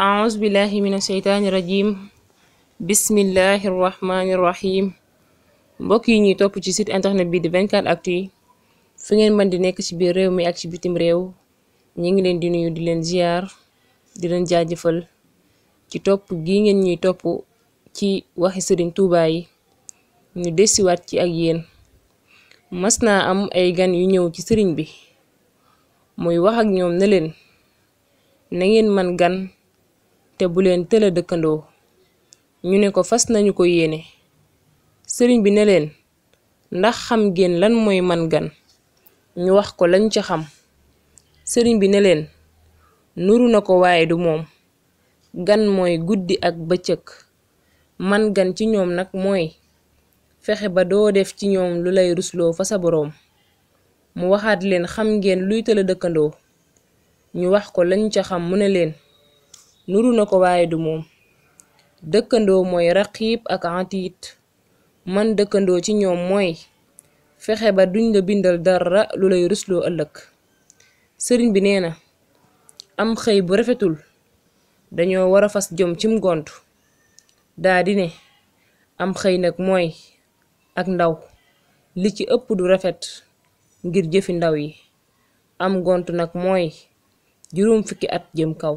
aus billahi min asheytaani rajim bismillahi rahmaani rahim mbokk yi ñuy topp ci sit internet bi di 24 actu yi fi ngeen mën di nekk ci biir réew mi ak ci bitim réew ñu ngi leen di nuyu di leen ziar di leen jaajëfal ci topp gi ngeen ñuy topp ci waxi sëriñ Tuubaa yi ñu desiwaat ci ak yéen mas naa am ay gan yu ñëw ci sëriñ bi muy wax ak ñoom ne leen na ngeen man gan te bu leen tëla dëkkandoo ñu ne ko fas nañu ko yéene sëriñ bi ne leen ndax xam ngeen lan mooy man gan ñu wax ko lañ ca xam sëriñ bi ne leen nuru na ko waaye du moom gan mooy guddi ak bëccëg man gan ci ñoom nag mooy fexe ba doo def ci ñoom lu lay rusloo fa sa boroom mu waxaat leen xam ngeen luy tëla dëkkandoo ñu wax ko lañ ca xam mu ne leen nuru na ko waaye du moom dëkkandoo mooy raqiib ak atiit man dëkkandoo ci ñoom mooy fexe ba duñ la bindal dara lu lay rusloo ëllëg sëriñ bi nee na am xëy bu rafetul dañoo war a fas jom cim gont daa ne am xëy nag mooy ak ndaw li ci ëpp du rafet ngir jëfi ndaw yi am gont nag mooy juróom fukki at jëm kaw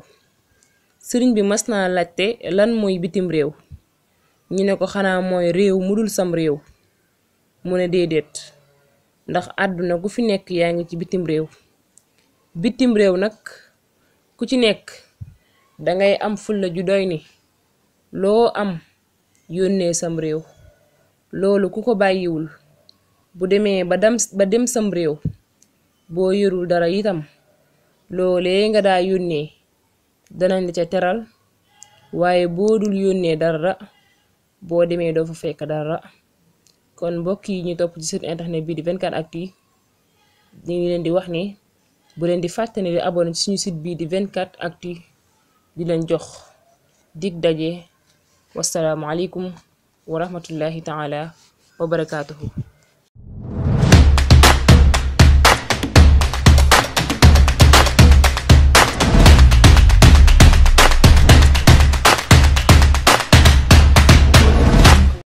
sëriñ bi mas naa laajte lan mooy bitim réew ñu ne ko xanaa mooy réew mu dul sam réew mu ne déedéet ndax àdduna ku fi nekk yaa ngi ci bitim réew bitim réew nag ku ci nekk dangay am fulla ju doy ni loo am yónnee sam réew loolu ku ko bàyyiwul bu demee ba dem sam réew boo yorul dara itam loolee nga daa yónnee danañ la ca teral waaye boo dul yónnee dara boo demee doo fa fekk dara kon mbokk yi ñu topp ci seen internet bi di 24actu ñu ngi leen di wax ni bu leen di fàtte ne di abonné suñu sit bii di 24actu di leen jox dig daje wasalaamualeykum wa rahmatullahi taala wa barakaatuhu